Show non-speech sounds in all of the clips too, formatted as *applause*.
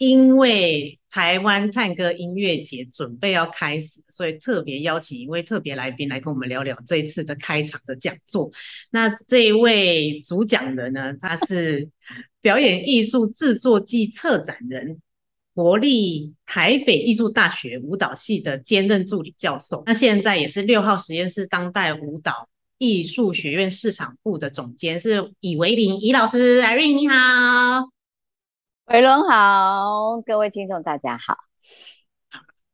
因為台灣探戈音樂節準備要開始，所以特別邀請一位特別來賓來跟我們聊聊這次的開場的講座。那這位主講人呢，他是表演藝術製作暨策展人， *laughs* 國立台北藝術大學舞蹈系的兼任助理教授，那現在也是六號實驗室當代舞蹈藝術學院市場部的總監，是蟻薇玲蟻老師，Irene 你好。偉倫好，各位聽眾大家好。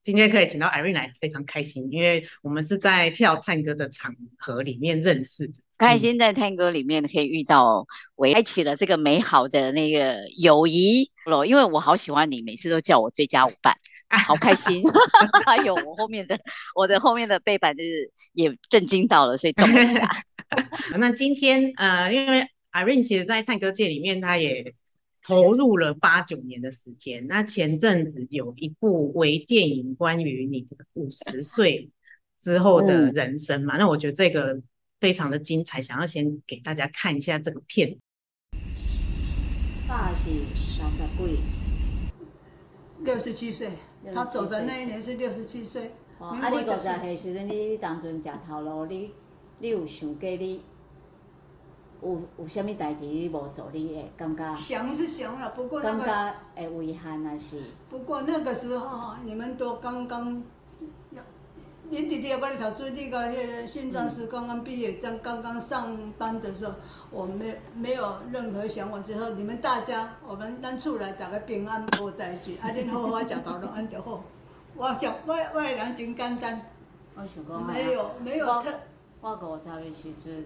今天可以請到 Irene 來，非常開心，因為我們是在跳探戈的場合裡面認識的，開心在探戈裡面可以遇到我，開啟了這個美好的那個友誼囉，因為我好喜歡你，每次都叫我最佳舞伴，好開心。 *laughs* *laughs* 還有我後面的我的後面的背板就是也震驚到了，所以動一下。 *laughs* 那今天呃，因為 Irene 其實，在探戈界裡面，他也。投入了八九年的時間。那前陣子有一部微電影，關於你五十歲之後的人生嘛。那我覺得這個非常的精彩，想要先給大家看一下這個片。爸是六十幾，六十七歲。他走的那一年是六十七歲。啊，你就是在那時候，你當陣吃頭路，你你有想過你？有有什咪代誌，你無做，會感覺？想是想了，不過、那個、感覺會遺憾啊是。不過那個時候你們都剛剛要，你弟弟也過來讀那個些新戰士剛剛畢業，剛剛剛上班的時候，我沒有沒有任何想法，之後你們大家，我們剛出來，打個平安無代誌啊，然後我腳到了安德好，我想我我人簡單，我，我，單我想講沒有沒有，沒有他我，我五歲的時候。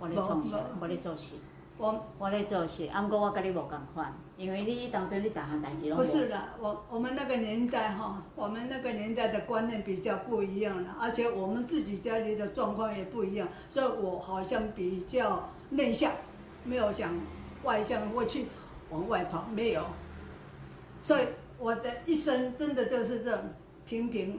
我咧做事，不我咧做事。我我咧做事，阿唔過我甲你無共款，因為你當初你打項代志攏。不是的，我我們那個年代哈，我們那個年代的觀念比較不一樣了，而且我們自己家裡的狀況也不一樣，所以我好像比較內向，沒有想外向過去往外跑，沒有。所以我的一生真的就是這種平平。頻頻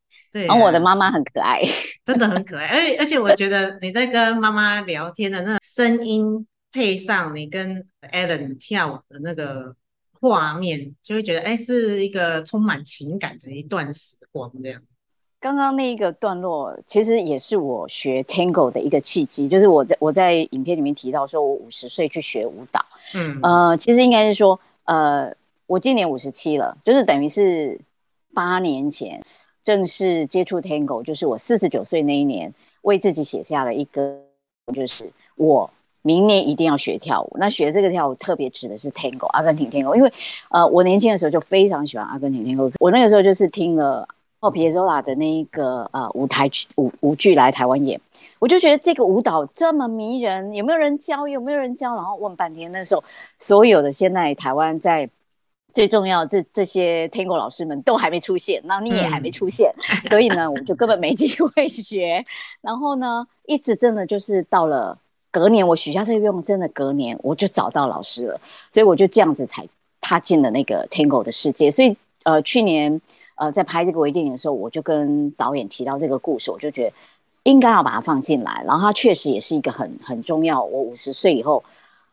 對、啊，我的媽媽很可愛， *laughs* 真的很可愛。而且而且，我覺得你在跟媽媽聊天的那聲音，配上你跟 Allen 跳舞的那個畫面，就會覺得哎，是一個充滿情感的一段時光。這樣，剛剛那一個段落，其實也是我學 Tango 的一個契機。就是我在我在影片裡面提到，說我五十歲去學舞蹈。嗯，呃，其實應該是說，呃，我今年五十七了，就是等於是八年前。正式接觸 Tango 就是我四十九歲那一年，為自己寫下了一個，就是我明年一定要學跳舞。那學這個跳舞特別指的是 Tango 阿根廷 Tango，因為呃我年輕的時候就非常喜歡阿根廷 Tango，我那個時候就是聽了奧皮亞佐拉的那一個呃舞台劇舞舞劇來台灣演，我就覺得這個舞蹈這麼迷人，有沒有人教？有沒有人教？然後問半天，那時候所有的現在台灣在最重要的，這這些 Tango 老師們都還沒出現，然後你也還沒出現，嗯、所以呢，我們就根本沒機會學。 *laughs* 然後呢，一直真的就是到了隔年，我許下這個願望，真的隔年我就找到老師了，所以我就這樣子才踏進了那個 Tango 的世界。所以，呃，去年呃在拍這個微電影的時候，我就跟導演提到這個故事，我就覺得應該要把它放進來。然後它確實也是一個很很重要。我五十歲以後。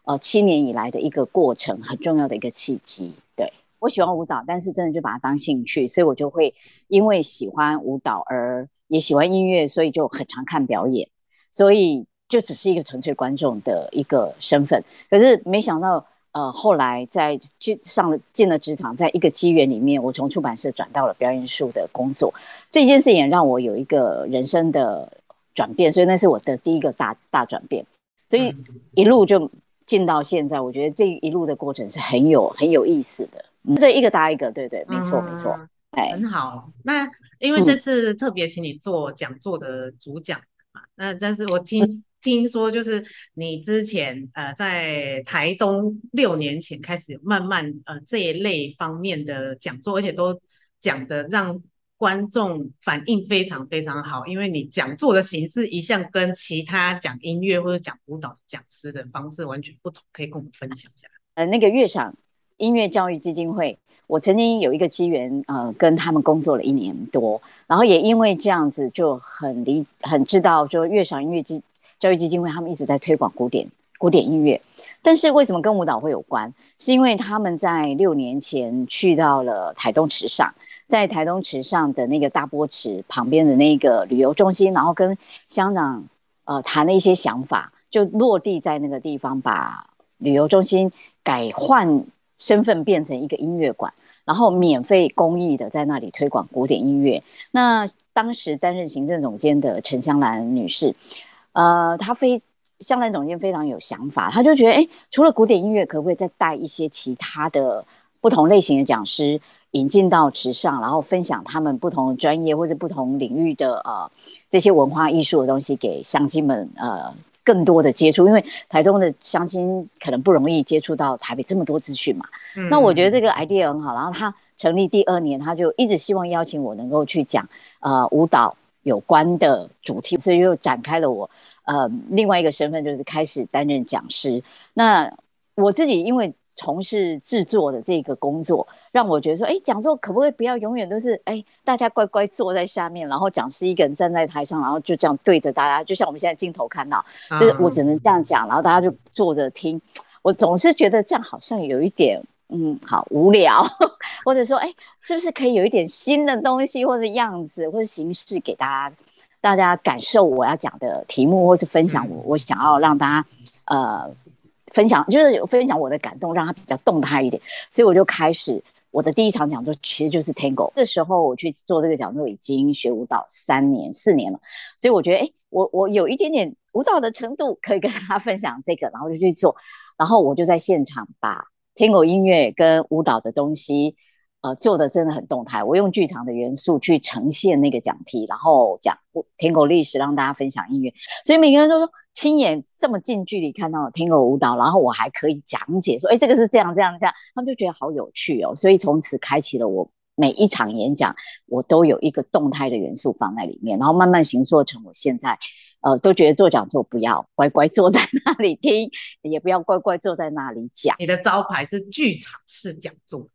呃，七年以來的一個過程，很重要的一個契機。對。我喜歡舞蹈，但是真的就把它當興趣，所以我就會因為喜歡舞蹈而也喜歡音樂，所以就很常看表演，所以就只是一個純粹觀眾的一個身份。可是沒想到，呃，後來在去上了進了職場，在一個機緣裡面，我從出版社轉到了表演藝術的工作。這件事情也讓我有一個人生的轉變，所以那是我的第一個大大轉變。所以一路就。進到現在，我覺得這一路的過程是很有很有意思的。嗯、對，一個搭一個，對對，對、嗯，沒錯，沒錯沒錯，嗯、對很好。那因為這次特別請你做講座的主講嘛，那、嗯嗯、但是我聽聽說就是你之前呃在台東六年前開始慢慢呃這一類方面的講座，而且都講得讓。觀眾反應非常非常好，因為你講座的形式一向跟其他講音樂或者講舞蹈講師的方式完全不同，可以跟我們分享一下？呃，那個樂賞音樂教育基金會，我曾經有一個機緣，呃，跟他們工作了一年多，然後也因為這樣子就很理很知道，就樂賞音樂基教育基金會他們一直在推廣古典，古典音樂，但是為什麼跟舞蹈會有關？是因為他們在六年前去到了台東池上，在台東池上的那個大坡池旁邊的那個旅遊中心，然後跟香港呃談了一些想法，就落地在那個地方，把旅遊中心改換身份變成一個音樂館，然後免費公益的在那裡推廣古典音樂。那當時擔任行政總監的陳香蘭女士，呃，她非。香蘭總監非常有想法，他就覺得，哎、欸，除了古典音樂，可不可以再帶一些其他的不同類型的講師引進到池上，然後分享他們不同專業或者不同領域的啊、呃、這些文化藝術的東西給鄉親們，呃，更多的接觸，因為台東的鄉親可能不容易接觸到台北這麼多資訊嘛。嗯、那我覺得這個 idea 很好，然後他成立第二年，他就一直希望邀請我能夠去講、呃、舞蹈有關的主題，所以又展開了我。呃，另外一個身份就是開始擔任講師。那我自己因為從事制作的這個工作，讓我覺得說，哎、欸，講座可不可以不要永遠都是，哎、欸，大家乖乖坐在下面，然後講師一個人站在台上，然後就這樣對着大家，就像我們現在鏡頭看到，啊、就是我只能這樣講，然後大家就坐着聽。我總是覺得這樣好像有一點，嗯，好無聊， *laughs* 或者說，哎、欸，是不是可以有一點新的東西，或者樣子，或者樣子，或者形式給大家？大家感受我要講的題目，或是分享我我想要讓大家，呃，分享就是分享我的感動，讓他比較動態一點。所以我就開始我的第一場講座，其實就是 Tango。那時候我去做這個講座，已經學舞蹈三年四年了，所以我覺得誒，我我有一點點舞蹈的程度，可以跟大家分享這個，然後就去做。然後我就在現場把 Tango 音樂跟舞蹈的東西。呃，做的真的很動態。我用劇場的元素去呈現那個講題，然後講我探戈歷史，讓大家分享音樂。所以每個人都說親眼這麼近距離看到探戈舞蹈，然後我還可以講解說，哎、欸，這個是這樣這樣這樣，他們就覺得好有趣哦。所以從此開啟了我每一場演講，我都有一個動態的元素放在裡面，然後慢慢形塑成我現在，呃，都覺得做講座不要乖乖坐在那裡聽，也不要乖乖坐在那裡講。你的招牌是劇場式講座。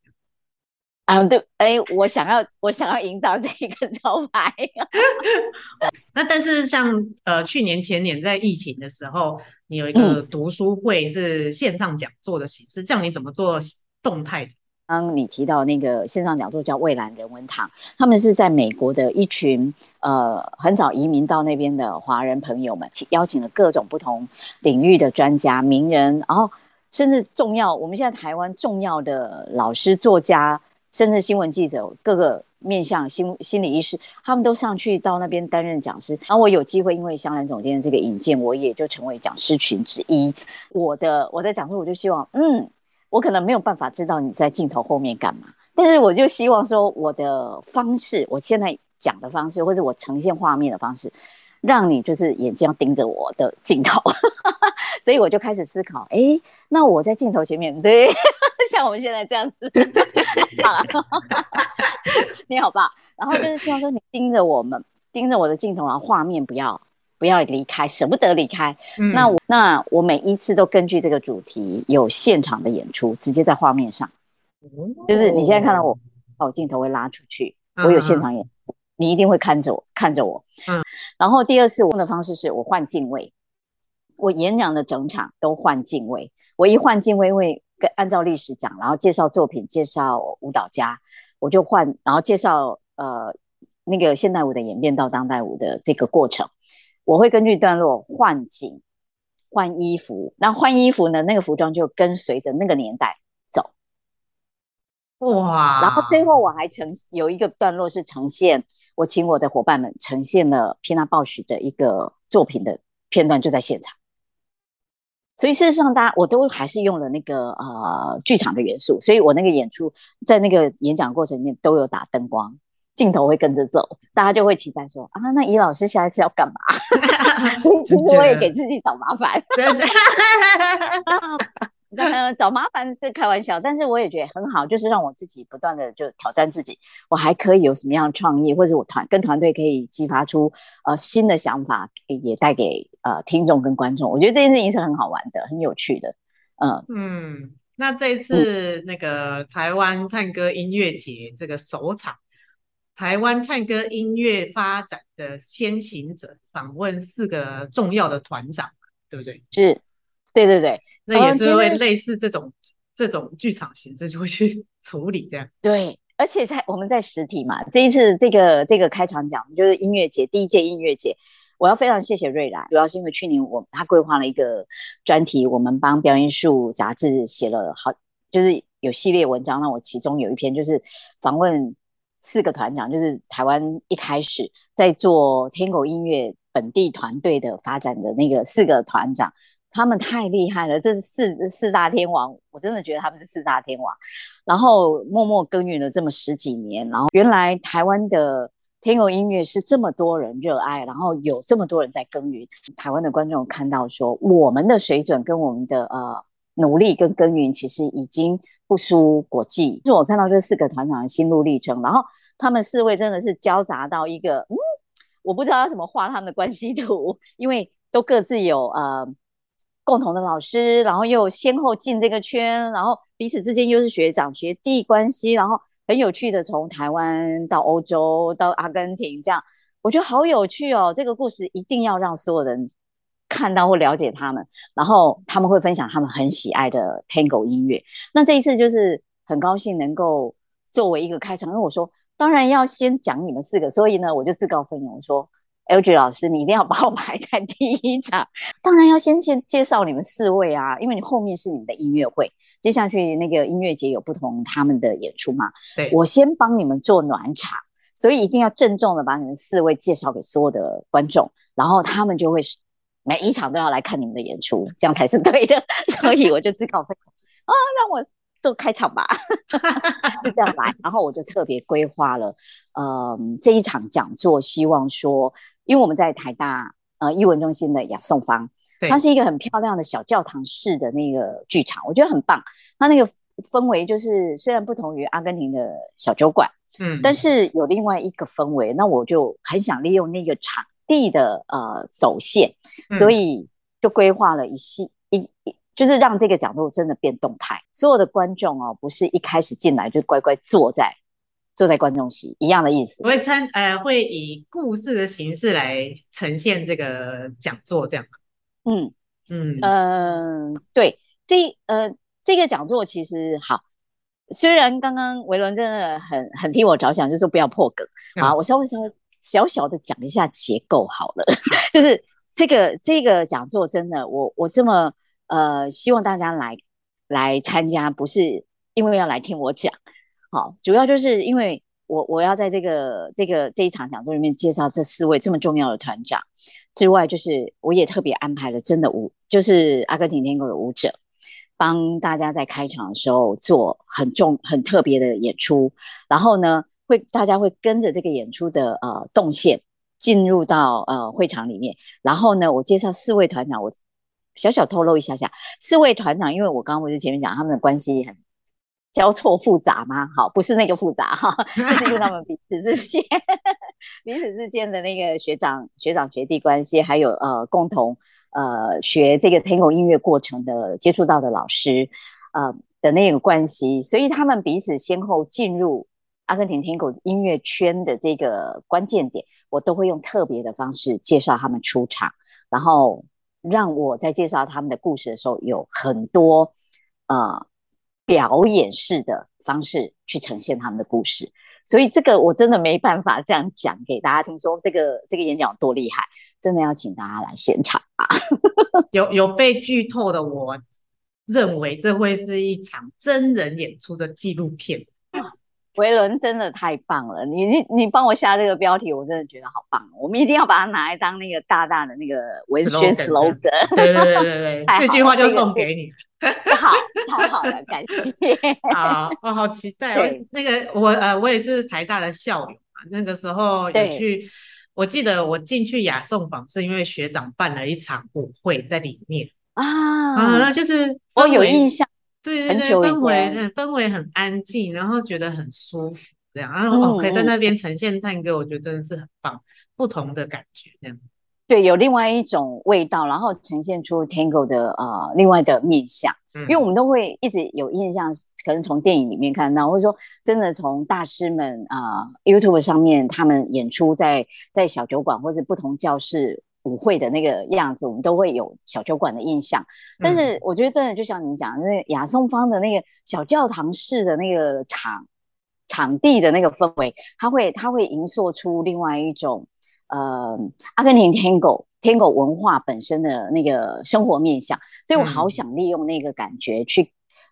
啊，uh, 對，哎，我想要，我想要引導這一個招牌。 *laughs* *laughs* *laughs* 那但是像呃，去年前年在疫情的時候，你有一個讀書會是線上講座的形式，嗯、這樣你怎麼做動態的？剛剛你提到那個線上講座叫“蔚藍人文堂”，他們是在美國的一群呃很早移民到那邊的華人朋友們，邀請了各種不同領域的專家、名人，然、哦、後甚至重要，我們現在台灣重要的老師、作家。甚至新聞記者各個面向心心理醫師，他們都上去到那邊擔任講師，然後我有機會，因為香蘭總監的這個引薦，我也就成為講師群之一。我的我在講說，我就希望，嗯，我可能沒有辦法知道你在鏡頭後面幹嘛，但是我就希望說，我的方式，我現在講的方式，或者我呈現畫面的方式，讓你就是眼睛要盯着我的鏡頭。 *laughs* 所以我就開始思考，哎、欸，那我在鏡頭前面，對。像我們現在這樣子，好 *laughs* *laughs* 你好吧？然後就是希望說你盯着我們，盯着我的鏡頭，然後畫面不要不要離開，捨不得離開。那我那我每一次都根據這個主題有現場的演出，直接在畫面上。就是你現在看到我，我鏡頭會拉出去，我有現場演出，你一定會看着我，看着我。嗯。然後第二次我用的方式是我換鏡位，我演講的整場都換鏡位，我一換鏡位，因為。按照歷史講，然後介紹作品，介紹舞蹈家，我就換，然後介紹呃那個現代舞的演變到當代舞的這個過程。我會根據段落換景、換衣服，那換衣服呢，那個服裝就跟隨着那個年代走。嗯、哇！然後最後我還呈有一個段落是呈現，我請我的夥伴們呈現了皮娜鮑許的一個作品的片段，就在現場。所以事實上，大家我都還是用了那個呃劇場的元素，所以我那個演出在那個演講過程裡面都有打燈光，鏡頭會跟着走，大家就會期待說啊，那蟻老師下一次要幹嘛？哈哈，我也給自己找麻煩。呃、嗯，找麻煩這開玩笑，但是我也覺得很好，就是讓我自己不斷的就挑戰自己，我還可以有什麼樣的創意，或者我團跟團隊可以激發出呃新的想法，也帶給呃聽眾跟觀眾。我覺得這件事情是很好玩的，很有趣的。嗯、呃、嗯，那這次那個台灣探戈音樂節這個首場，嗯、台灣探戈音樂發展的先行者訪問四個重要的團長，對不對？是，對對對。那也是會類似這種、哦、這種劇場形式，就會去處理這樣。對，而且在我們在實體嘛，這一次這個這個開場講，就是音樂節第一屆音樂節，我要非常謝謝瑞蘭，主要是因為去年我他規劃了一個專題，我們幫《表演藝術雜誌》寫了好，就是有系列文章，那我其中有一篇就是訪問四個團長，就是台灣一開始在做探戈音樂本地團隊的發展的那個四個團長。他們太厲害了，這是四四大天王，我真的覺得他們是四大天王。然後默默耕耘了這麼十幾年，然後原來台灣的 Tango 音樂是這麼多人熱愛，然後有這麼多人在耕耘。台灣的觀眾看到說，我們的水準跟我們的呃，努力跟耕耘，其實已經不輸國際。就是我看到這四個團長的心路歷程，然後他們四位真的是交雜到一個，嗯，我不知道要怎麼畫他們的關係圖，因為都各自有呃。共同的老師，然後又先後進這個圈，然後彼此之間又是學長學弟關係，然後很有趣的從台灣到歐洲到阿根廷這樣，我覺得好有趣哦。這個故事一定要讓所有人看到或了解他們，然後他們會分享他們很喜愛的 Tango 音樂。那這一次就是很高興能夠作為一個開場，因為我說當然要先講你們四個，所以呢，我就自告奮勇說。LG 老師，你一定要把我排在第一場。當然要先，先介紹你們四位啊，因為你後面是你們的音樂會。接下去那個音樂節有不同他們的演出嘛？對，我先幫你們做暖場，所以一定要鄭重的把你們四位介紹給所有的觀眾，然後他們就會每一場都要來看你們的演出，這樣才是對的。所以我就自告奮啊、 *laughs* 哦，讓我做開場吧， *laughs* *laughs* 就這樣來。然後我就特別規劃了嗯、呃、這一場講座，希望說。因為我們在台大呃藝文中心的雅頌坊，對它是一個很漂亮的小教堂式的那個劇場，我覺得很棒。它那個氛圍就是雖然不同於阿根廷的小酒館，嗯，但是有另外一個氛圍。那我就很想利用那個場地的呃走線，所以就規劃了一系、嗯、一一、一就是讓這個角度真的變動態。所有的觀眾哦，不是一開始進來就乖乖坐在。坐在觀眾席一樣的意思，會參呃會以故事的形式來呈現這個講座這樣。嗯嗯嗯、呃，對，這呃這個講座其實好，雖然剛剛薇玲真的很很替我着想，就是、說不要破梗。好，嗯、我稍微稍微小小的講一下結構好了，嗯、 *laughs* 就是這個這個講座真的，我我這麼呃希望大家來來參加，不是因為要來聽我講。好，主要就是因為我我要在這個這個這一場講座裡面介紹這四位這麼重要的團長之外，就是我也特別安排了真的舞，就是阿根廷 Tango 的舞者，幫大家在開場的時候做很重很特別的演出。然後呢，會大家會跟着這個演出的呃動線進入到呃會場裡面。然後呢，我介紹四位團長，我小小透露一下下，四位團長，因為我剛剛不是前面講他們的關係也很。交錯複雜嗎？好，不是那個複雜哈，這就是他們彼此之間、 *laughs* 彼此之間的那個學長、學長學弟關係，還有呃共同呃學這個 Tango 音樂過程的接觸到的老師呃的那個關係，所以他們彼此先後進入阿根廷 Tango 音樂圈的這個關鍵點，我都會用特別的方式介紹他們出場，然後讓我在介紹他們的故事的時候有很多呃。表演式的方式去呈現他們的故事，所以這個我真的沒辦法這樣講給大家聽。說這個這個演講有多厲害，真的要請大家來現場啊！有有被劇透的，我認為這會是一場真人演出的紀錄片。薇玲真的太棒了，你你你幫我下這個標題，我真的覺得好棒，我們一定要把它拿來當那個大大的那個文學 slogan。對對對對 *laughs* 了這句話就送給你了。好, *laughs* 太好了，太好了，感謝。好我好期待。對那個我呃，我也是台大的校友嘛，那個時候也去。對我記得我進去雅頌坊是因為學長辦了一場舞會在裡面。啊,啊，那就是我有印象。對對對，很久以前，氛圍嗯氛圍很安靜，然後覺得很舒服這樣，嗯、然後可以在那邊呈現 Tango 我覺得真的是很棒，不同的感覺這樣，對，有另外一種味道，然後呈現出 Tango 的啊、呃、另外的面向，嗯、因為我們都會一直有印象，可能從電影裡面看到，或者說真的從大師們啊、呃、YouTube 上面他們演出在在小酒館或者不同教室。舞會的那個樣子，我們都會有小酒館的印象。但是我覺得，真的就像你講，嗯、那雅頌坊的那個小教堂式的那個場場地的那個氛圍，它會它會營造出另外一種呃阿根廷 Tango Tango 文化本身的那個生活面向。所以我好想利用那個感覺去、嗯、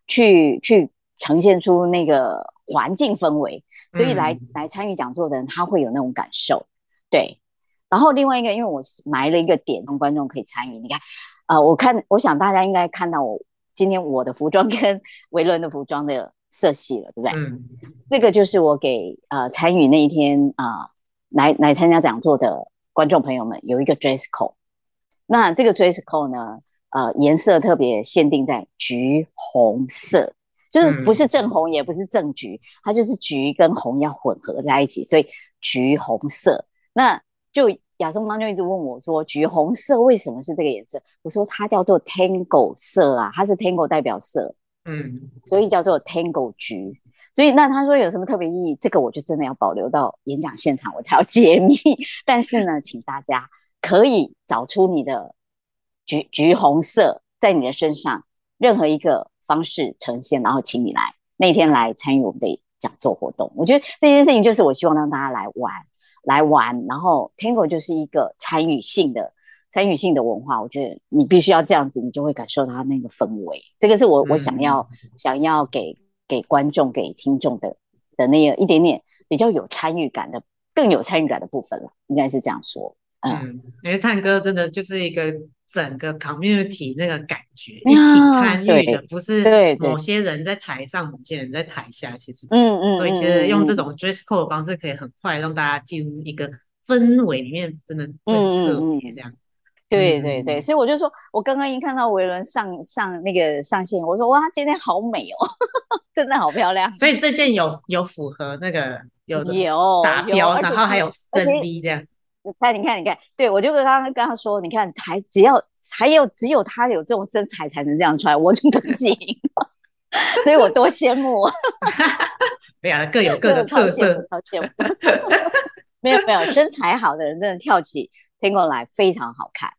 去去呈現出那個環境氛圍，所以來、嗯、來參與講座的人，他會有那種感受。對。然後另外一個，因為我是埋了一個點，讓觀眾可以參與。你看，啊、呃，我看，我想大家應該看到我今天我的服裝跟薇玲的服裝的色系了，對不對？嗯。這個就是我給呃參與那一天啊、呃、來來參加講座的觀眾朋友們有一個 dress code。那這個 dress code 呢，呃，顏色特別限定在橘紅色，就是不是正紅也不是正橘，嗯、它就是橘跟紅要混合在一起，所以橘紅色。那就亞松邦就一直問我說：“橘紅色為什麼是這個顏色？”我說：“它叫做 Tango 色啊，它是 Tango 代表色，嗯，所以叫做 Tango 橘。所以那他說有什麼特別意義？這個我就真的要保留到演講現場我才要揭秘。但是呢，請大家可以找出你的橘橘紅色在你的身上任何一個方式呈現，然後請你來那天來參與我們的講座活動。我覺得這件事情就是我希望讓大家來玩。”來玩，然後 Tango 就是一個參與性的、參與性的文化。我覺得你必須要這樣子，你就會感受到它那個氛圍。這個是我、嗯、我想要想要給給觀眾、給聽眾的的那個一點點比較有參與感的、更有參與感的部分了。應該是這樣說，嗯，嗯，因為探戈真的就是一個。整個 community 那個感覺，一起參與的，不是某些人在台上，某些人在台下。其實，嗯嗯，所以其實用這種 dress code 的方式，可以很快讓大家進入一個氛圍裡面，真的，很特別這樣。對對對，所以我就說，我剛剛一看到薇玲上上那個上線，我說哇，他今天好美哦，真的好漂亮。所以這件有有符合那個有達標，然後還有深 V 這樣。你看你看，你看，對，我就剛剛跟他剛剛說，你看，才只要還有只有他有這種身材才能這樣穿，我就不行， *laughs* 所以我多羨慕。 *laughs* *laughs* 沒有、啊，各有各的特色，有 *laughs* 沒有沒有，身材好的人真的跳起探戈來非常好看。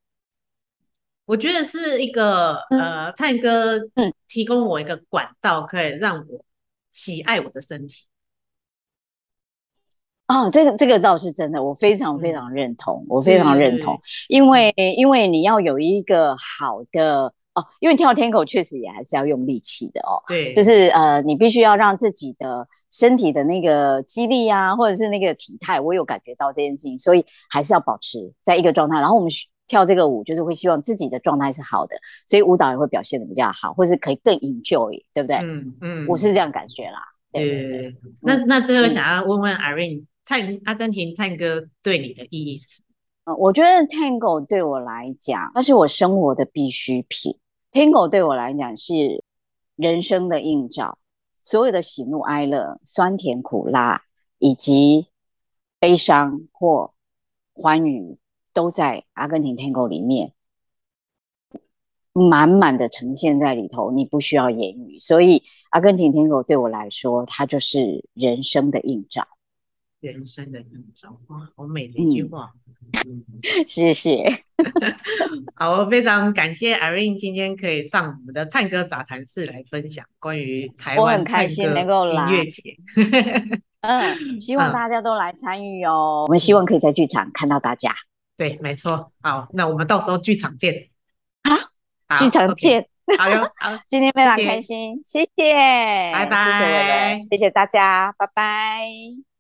我覺得是一個、嗯、呃，探戈提供我一個管道，可以讓我喜愛我的身體。啊，這個、哦，這個倒是真的，我非常非常認同，嗯、我非常認同，對因為、嗯、因為你要有一個好的哦，因為跳探戈確實也還是要用力氣的哦，對，就是呃，你必須要讓自己的身體的那個肌力啊，或者是那個體態，我有感覺到這件事情，所以還是要保持在一個狀態。然後我們跳這個舞，就是會希望自己的狀態是好的，所以舞蹈也會表現得比較好，或是可以更 enjoy 對不對？嗯嗯，嗯，我是這樣感覺啦，嗯、對、嗯嗯、那那最後想要問問 Irene。嗯泰，阿根廷探戈對你的意義是什麼？嗯，我覺得探戈對我來講，它是我生活的必需品。Tango 對我來講是人生的映照，所有的喜怒哀樂、酸甜苦辣以及悲傷或歡愉，都在阿根廷探戈裡面滿滿的呈現在裡頭。你不需要言語，所以阿根廷探戈對我來說，它就是人生的映照。人生的成長哇，好美的一句話。謝謝，好，我非常感謝 Irene 今天可以上我們的探戈雜談室來分享關於台灣。我很開心能夠來，樂節。嗯，希望大家都來參與哦。我們希望可以在劇場看到大家。對，沒錯。好，那我們到時候劇場見。好，劇場見。好，好，今天非常開心，謝謝，拜拜，謝謝大家，拜拜。